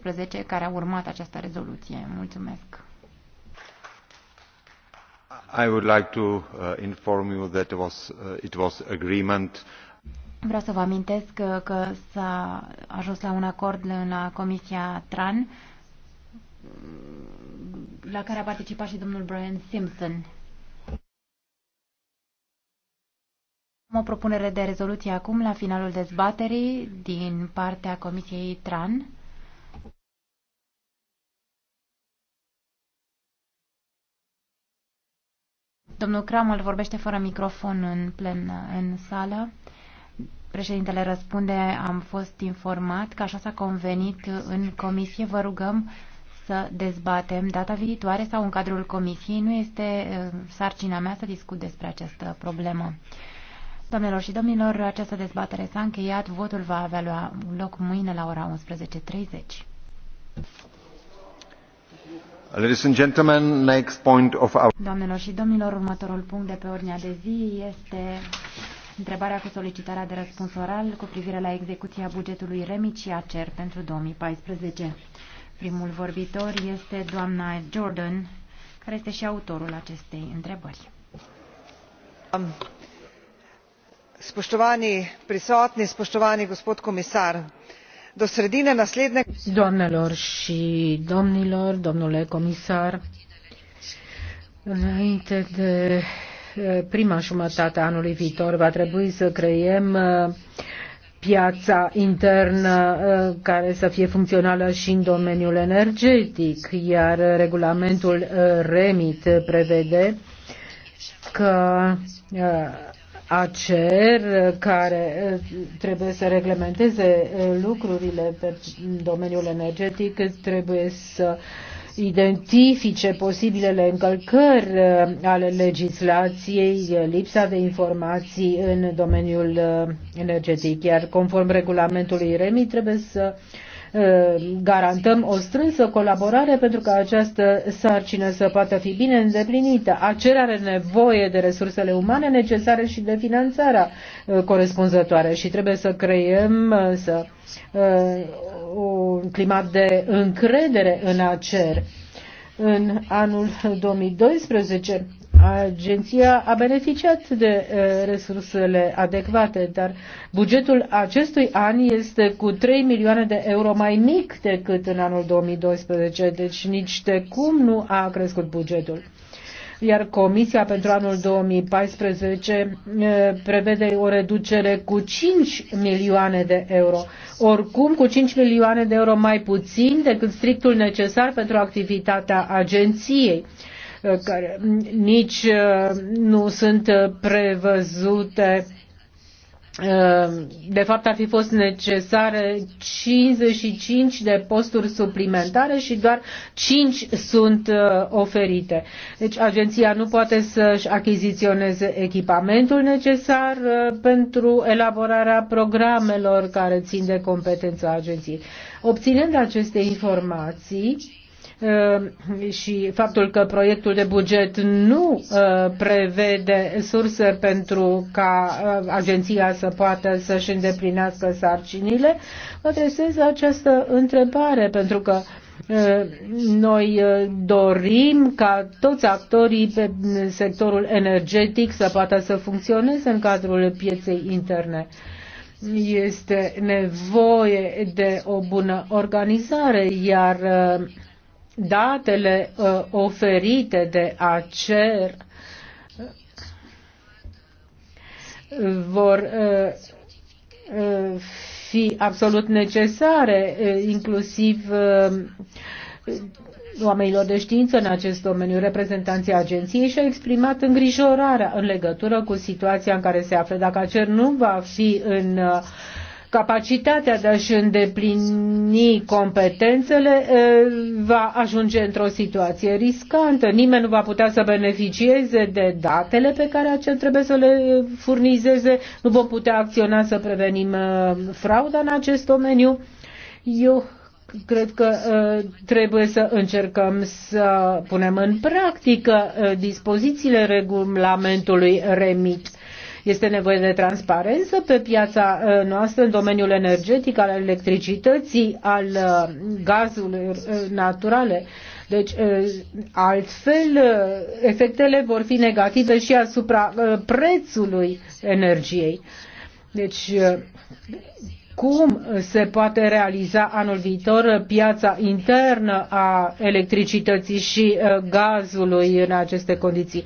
12 care a urmat această rezoluție. Mulțumesc. I would like to uh, inform you that it was, uh, it was agreement Vreau să vă amintesc că, uh, că s-a ajuns la un acord la uh, Comisia TRAN la care a participat și domnul Brian Simpson. Am o propunere de rezoluție acum la finalul dezbaterii din partea Comisiei TRAN. Domnul Cramol vorbește fără microfon în, plen, în sală. Președintele răspunde, am fost informat că așa s-a convenit în comisie. Vă rugăm să dezbatem data viitoare sau în cadrul comisiei. Nu este sarcina mea să discut despre această problemă. Doamnelor și domnilor, această dezbatere s-a încheiat. Votul va avea loc mâine la ora 11.30. Doamnelor și domnilor, următorul punct de pe ordinea de zi este întrebarea cu solicitarea de răspuns oral cu privire la execuția bugetului REMIT și ACER pentru 2014. Primul vorbitor este doamna Jordan, care este și autorul acestei întrebări. Um. Spoštovani prisotni, spoštovani gospod komisar, Doamnelor și domnilor, domnule comisar, înainte de eh, prima jumătate a anului viitor va trebui să creiem eh, piața internă eh, care să fie funcțională și în domeniul energetic, iar regulamentul REMIT prevede că ACER care eh, trebuie să reglementeze eh, lucrurile pe domeniul energetic, trebuie să identifice posibilele încălcări eh, ale legislației, lipsa de informații în domeniul energetic, iar conform regulamentului REMI trebuie să uh, Eh, garantăm o strânsă colaborare pentru ca această sarcină să poată fi bine îndeplinită. Acerea are nevoie de resursele umane necesare și de finanțarea eh, corespunzătoare și trebuie să creăm eh, să, un climat de încredere în acer. În anul 2012 Agenția a beneficiat de uh, resursele adecvate, dar bugetul acestui an este cu 3 milioane de euro mai mic decât în anul 2012, deci nici de cum nu a crescut bugetul iar Comisia pentru anul 2014 uh, prevede o reducere cu 5 milioane de euro. Oricum, cu 5 milioane de euro mai puțin decât strictul necesar pentru activitatea agenției care nici uh, nu sunt prevăzute uh, de fapt ar fi fost necesare 55 de posturi suplimentare și doar 5 sunt uh, oferite. Deci agenția nu poate să-și achiziționeze echipamentul necesar pentru elaborarea programelor care țin de competența agenției. Obținând aceste informații, Ehm, și faptul că proiectul de buget nu eh, prevede surse pentru ca eh, agenția să poată să-și îndeplinească sarcinile, adresez această întrebare pentru că eh, noi dorim ca toți actorii pe sectorul energetic să poată să funcționeze în cadrul pieței interne este nevoie de o bună organizare, iar datele uh, oferite de ACER vor uh, uh, fi absolut necesare, inclusiv oamenilor de știință în acest domeniu, reprezentanții agenției și-au exprimat îngrijorarea în legătură cu situația în care se află. Dacă acer nu va fi în uh, capacitatea de a-și îndeplini competențele va ajunge într-o situație riscantă. Nimeni nu va putea să beneficieze de datele pe care acel trebuie să le furnizeze, nu vom putea acționa să prevenim frauda în acest domeniu. Eu cred că trebuie să încercăm să punem în practică dispozițiile regulamentului REMIT este nevoie de transparență pe piața uh, noastră în domeniul energetic, al electricității, al uh, gazurilor uh, naturale. Deci, altfel, efectele vor fi negative și asupra prețului energiei. Deci, cum se poate realiza anul viitor piața internă a electricității și gazului în aceste condiții?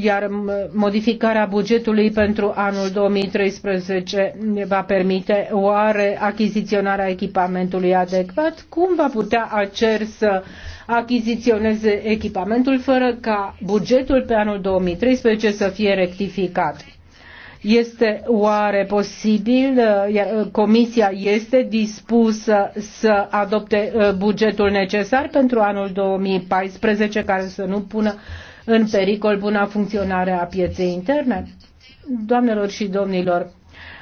iar modificarea bugetului pentru anul 2013 va permite oare achiziționarea echipamentului adecvat? Cum va putea acer să achiziționeze echipamentul fără ca bugetul pe anul 2013 să fie rectificat? Este oare posibil, uh, uh, Comisia este dispusă să adopte uh, bugetul necesar pentru anul 2014 care să nu pună în pericol buna funcționare a pieței interne? Doamnelor și domnilor,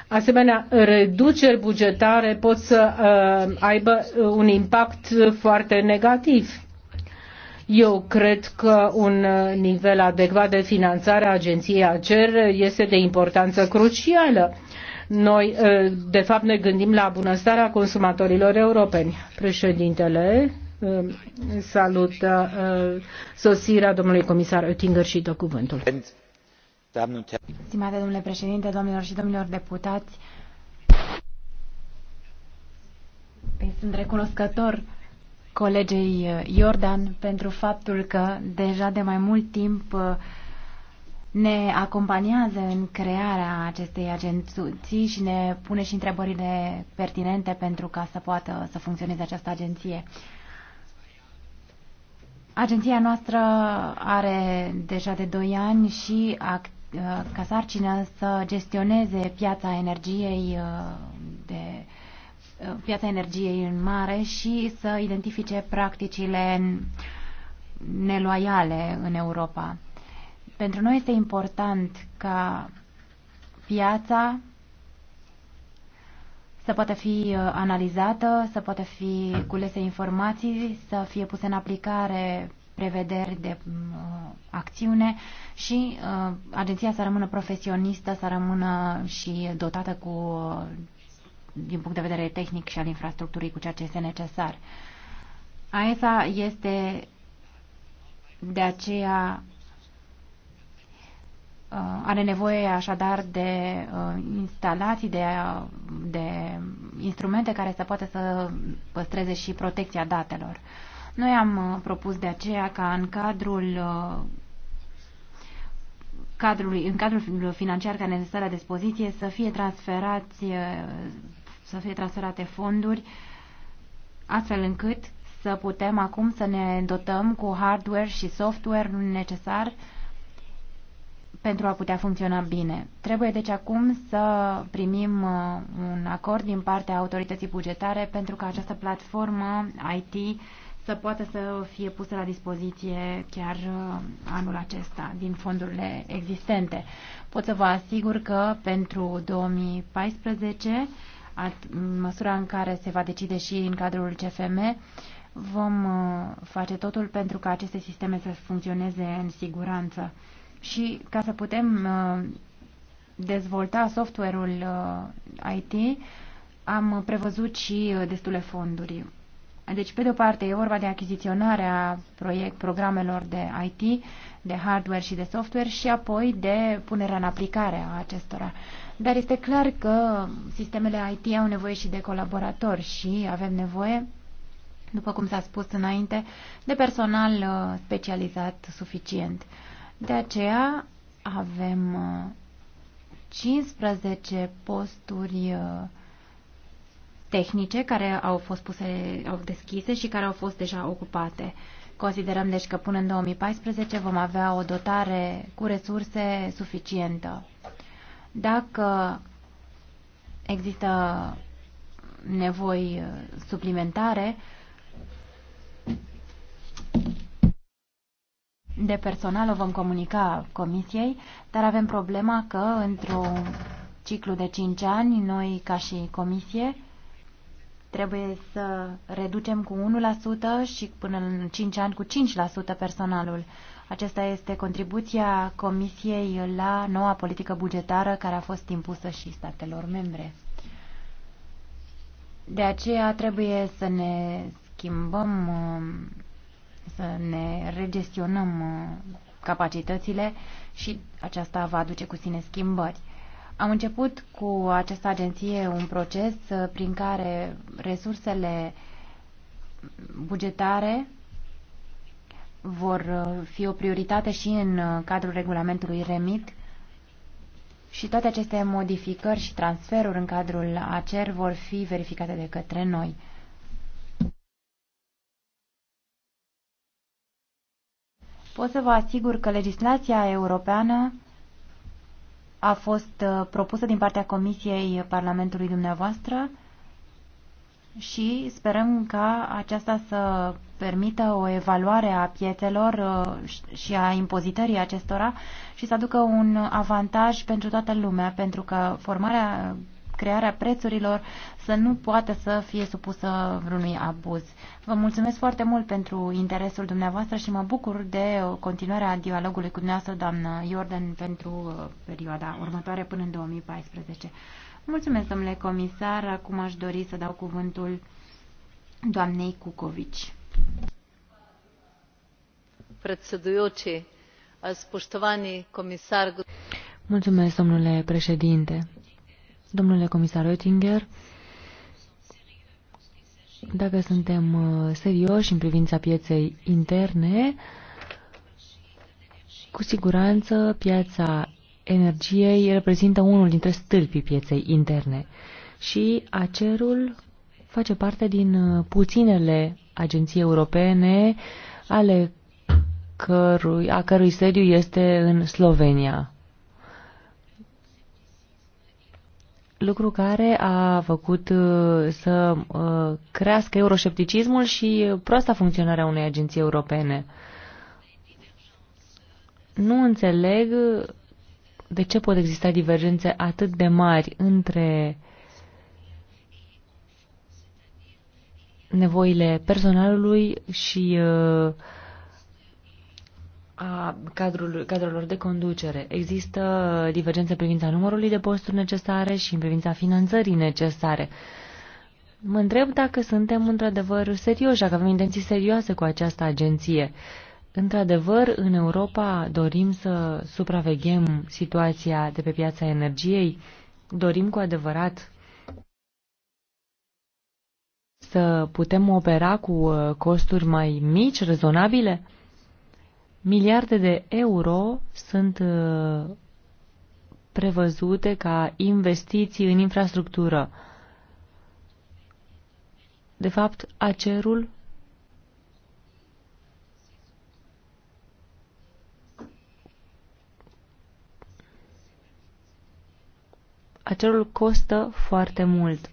asemenea reduceri bugetare pot să uh, aibă un impact foarte negativ. Eu cred că un nivel adecvat de finanțare a agenției ACER este de importanță crucială. Noi, uh, de fapt, ne gândim la bunăstarea consumatorilor europeni. Președintele, salută uh, sosirea domnului comisar Oettinger și dă cuvântul. Stimate domnule președinte, domnilor și domnilor deputați, sunt recunoscător colegei Jordan uh, pentru faptul că deja de mai mult timp uh, ne acompaniază în crearea acestei agenții și ne pune și întrebările pertinente pentru ca să poată să funcționeze această agenție. Agenția noastră are deja de 2 ani și act, uh, ca sarcină să gestioneze piața energiei uh, de uh, piața energiei în mare și să identifice practicile neloiale în Europa. Pentru noi este important ca piața să poată fi uh, analizată, să poată fi culese informații, să fie puse în aplicare prevederi de uh, acțiune și uh, agenția să rămână profesionistă, să rămână și dotată cu, uh, din punct de vedere tehnic și al infrastructurii, cu ceea ce este necesar. AESA este de aceea Uh, are nevoie așadar de uh, instalații, de, uh, de instrumente care să poată să păstreze și protecția datelor. Noi am propus de aceea ca în cadrul cadrului, în cadrul financiar care ne stă la dispoziție să fie transferați să fie transferate fonduri astfel încât să putem acum să ne dotăm cu hardware și software necesar uh, pentru a putea funcționa bine. Trebuie deci acum să primim uh, un acord din partea autorității bugetare pentru ca această platformă IT să poată să fie pusă la dispoziție chiar uh, anul acesta din fondurile existente. Pot să vă asigur că pentru 2014, în măsura în care se va decide și în cadrul CFM, vom uh, face totul pentru ca aceste sisteme să funcționeze în siguranță și ca să putem uh, dezvolta software-ul uh, IT, am prevăzut și uh, destule fonduri. Deci, pe de o parte, e vorba de achiziționarea proiect, programelor de IT, de hardware și de software și apoi de punerea în aplicare a acestora. Dar este clar că sistemele IT au nevoie și de colaboratori și avem nevoie, după cum s-a spus înainte, de personal specializat suficient. De aceea avem 15 uh, posturi uh, tehnice care au fost puse, au deschise și care au fost deja ocupate. Considerăm deci că până în 2014 vom avea o dotare cu resurse suficientă. Dacă există nevoi uh, suplimentare, de personal o vom comunica comisiei, dar avem problema că într-un ciclu de 5 ani, noi ca și comisie trebuie să reducem cu 1% și până în 5 ani cu 5% personalul. Acesta este contribuția comisiei la noua politică bugetară care a fost impusă și statelor membre. De aceea trebuie să ne schimbăm um, să ne regestionăm uh, capacitățile și aceasta va aduce cu sine schimbări. Am început cu această agenție un proces uh, prin care resursele bugetare vor uh, fi o prioritate și în cadrul regulamentului REMIT și toate aceste modificări și transferuri în cadrul ACER vor fi verificate de către noi. Pot să vă asigur că legislația europeană a fost uh, propusă din partea Comisiei Parlamentului dumneavoastră și sperăm ca aceasta să permită o evaluare a piețelor uh, și a impozitării acestora și să aducă un avantaj pentru toată lumea, pentru că formarea crearea prețurilor să nu poată să fie supusă vreunui abuz. Vă mulțumesc foarte mult pentru interesul dumneavoastră și mă bucur de continuarea dialogului cu dumneavoastră, doamnă Jordan, pentru uh, perioada următoare până în 2014. Mulțumesc, domnule comisar. Acum aș dori să dau cuvântul doamnei Cucovici. Mulțumesc, domnule președinte Domnule comisar Oettinger, dacă suntem uh, serioși în privința pieței interne, cu siguranță piața energiei reprezintă unul dintre stâlpii pieței interne și acerul face parte din uh, puținele agenții europene ale cărui, a cărui sediu este în Slovenia. lucru care a făcut uh, să uh, crească euroscepticismul și proasta funcționarea unei agenții europene. Nu înțeleg de ce pot exista divergențe atât de mari între nevoile personalului și uh, a cadrul, cadrelor de conducere. Există divergențe în privința numărului de posturi necesare și în privința finanțării necesare. Mă întreb dacă suntem într-adevăr serioși, dacă avem intenții serioase cu această agenție. Într-adevăr, în Europa dorim să supraveghem situația de pe piața energiei, dorim cu adevărat să putem opera cu uh, costuri mai mici, rezonabile? Miliarde de euro sunt uh, prevăzute ca investiții în infrastructură. De fapt, acerul acerul costă foarte mult.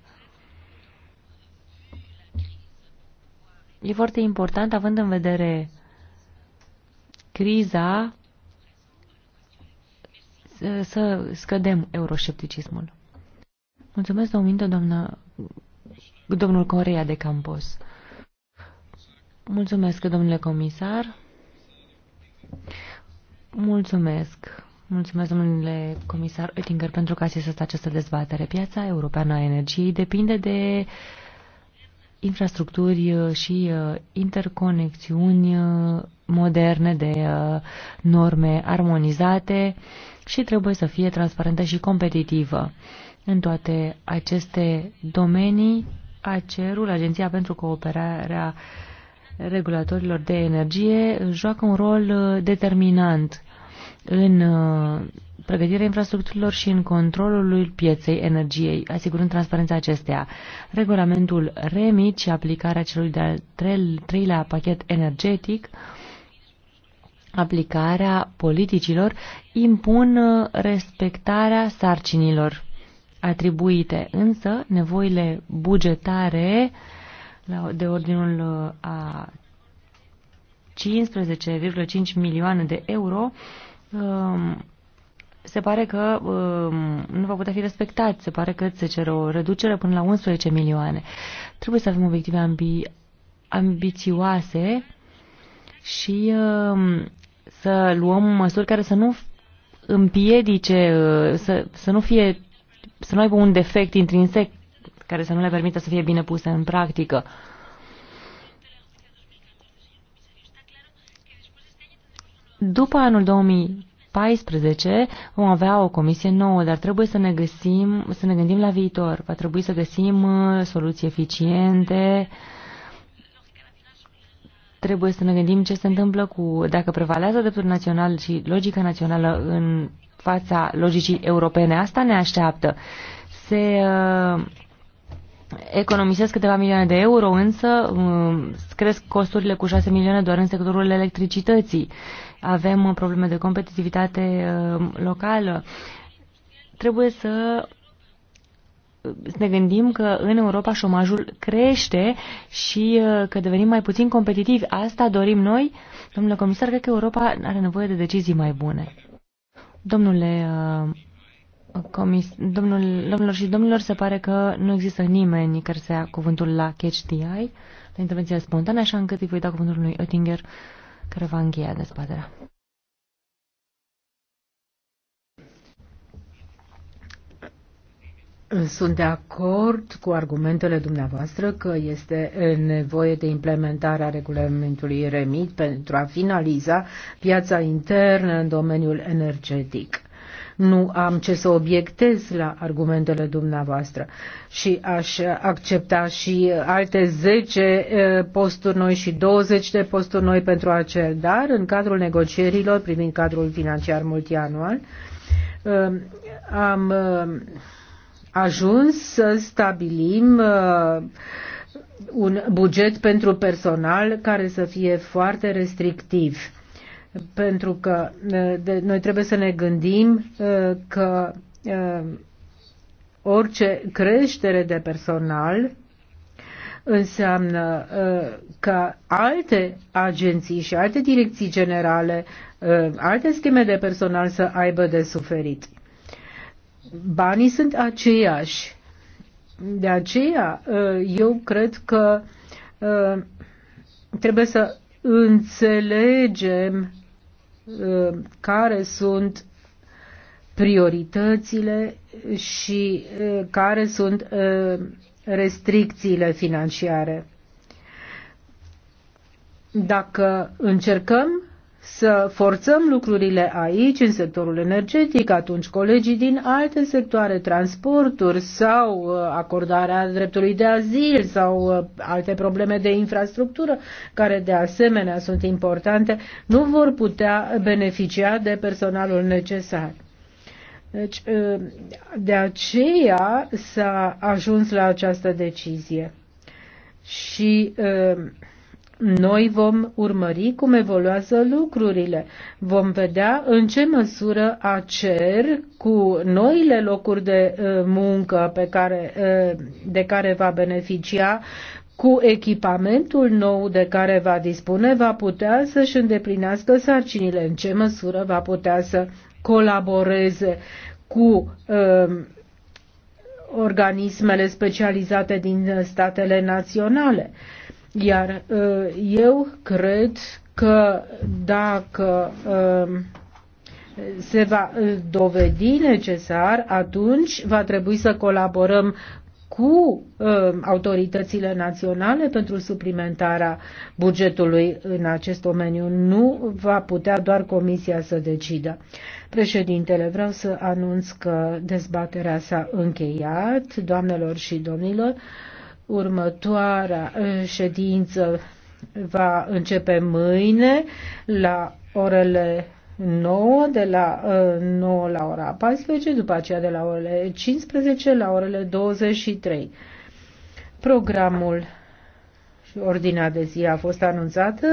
E foarte important, având în vedere criza să scădem euroscepticismul. Mulțumesc, domninte, doamnă, domnul Corea de Campos. Mulțumesc, domnule comisar. Mulțumesc. Mulțumesc, domnule comisar Oettinger, pentru că ați asistat această dezbatere. Piața europeană a energiei depinde de infrastructuri și uh, interconexiuni uh, moderne, de uh, norme armonizate și trebuie să fie transparentă și competitivă. În toate aceste domenii, ACER-ul, Agenția pentru Cooperarea Regulatorilor de Energie, joacă un rol uh, determinant în uh, pregătirea infrastructurilor și în controlul pieței energiei, asigurând transparența acesteia. Regulamentul REMIT și aplicarea celui de-al treilea pachet energetic uh, aplicarea politicilor impun uh, respectarea sarcinilor atribuite, însă nevoile bugetare de ordinul uh, a 15,5 milioane de euro um, se pare că um, nu va putea fi respectat, se pare că se cere o reducere până la 11 milioane. Trebuie să avem obiective ambi ambițioase și um, să luăm măsuri care să nu împiedice, uh, să, să nu fie, să nu aibă un defect intrinsec care să nu le permită să fie bine puse în practică. După anul 2014 vom avea o comisie nouă, dar trebuie să ne, găsim, să ne gândim la viitor. Va trebui să găsim uh, soluții eficiente, uh, trebuie să ne gândim ce se întâmplă cu, dacă prevalează dreptul național și logica națională în fața logicii europene. Asta ne așteaptă. Se uh, economisesc câteva milioane de euro, însă uh, cresc costurile cu 6 milioane doar în sectorul electricității. Avem uh, probleme de competitivitate uh, locală. Trebuie să ne gândim că în Europa șomajul crește și uh, că devenim mai puțin competitivi. Asta dorim noi? Domnule comisar, cred că Europa are nevoie de decizii mai bune. Domnule uh, comis, domnul, domnilor și domnilor, se pare că nu există nimeni care să ia cuvântul la Catch the Eye, la intervenția spontană, așa încât îi voi da cuvântul lui Oettinger, care va încheia dezbaterea. Sunt de acord cu argumentele dumneavoastră că este nevoie de implementarea regulamentului REMIT pentru a finaliza piața internă în domeniul energetic. Nu am ce să obiectez la argumentele dumneavoastră și aș accepta și alte 10 posturi noi și 20 de posturi noi pentru acel, dar în cadrul negocierilor privind cadrul financiar multianual am ajuns să stabilim uh, un buget pentru personal care să fie foarte restrictiv. Pentru că uh, noi trebuie să ne gândim uh, că orice creștere de personal înseamnă că alte agenții și alte direcții generale, alte scheme de personal să aibă de suferit banii sunt aceiași. De aceea, uh, eu cred că uh, trebuie să înțelegem uh, care sunt prioritățile și care sunt restricțiile financiare. Dacă încercăm să forțăm lucrurile aici, în sectorul energetic, atunci colegii din alte sectoare, transporturi sau uh, acordarea dreptului de azil sau uh, alte probleme de infrastructură, care de asemenea sunt importante, nu vor putea beneficia de personalul necesar. Deci, uh, de aceea s-a ajuns la această decizie. Și uh, noi vom urmări cum evoluează lucrurile. Vom vedea în ce măsură ACER cu noile locuri de uh, muncă pe care, uh, de care va beneficia, cu echipamentul nou de care va dispune, va putea să-și îndeplinească sarcinile, în ce măsură va putea să colaboreze cu uh, organismele specializate din statele naționale. Uh, iar uh, eu cred că dacă um, se va uh, dovedi necesar, atunci va trebui să colaborăm cu um, autoritățile naționale pentru suplimentarea bugetului în acest domeniu. Nu va putea doar Comisia să decidă. Președintele, vreau să anunț că dezbaterea s-a încheiat, doamnelor și domnilor. Următoarea uh, ședință va începe mâine la orele 9, de la 9 uh, la ora 14, după aceea de la orele 15 la orele 23. Programul și ordinea de zi a fost anunțată.